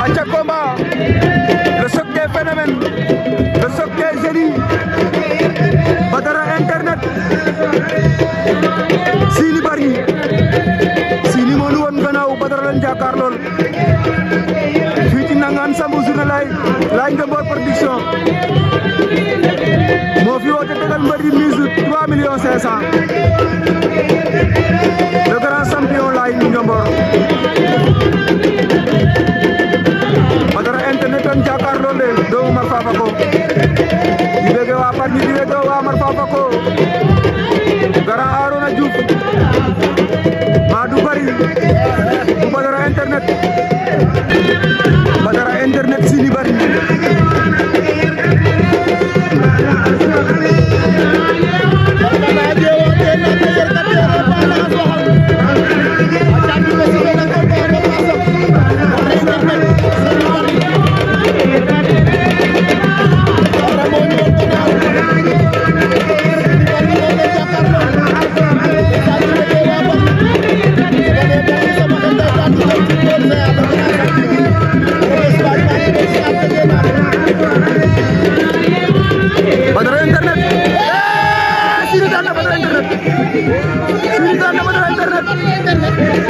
à chaque combat. Le choc des phénomènes, le choc des génies. Badara Internet, Sili Bari, Sili Monu Wan Ganao, Badara Lendia Carlol, Lol. Nangan Sambu Zunalai, Line de Bord Production. Mo Tetegal wote Mizu, 3 millions 500 Omar Fafako di bëgg waa Bargny di bëgg waa Omar Fafako Grand Arona Diouf Internet, internet, internet.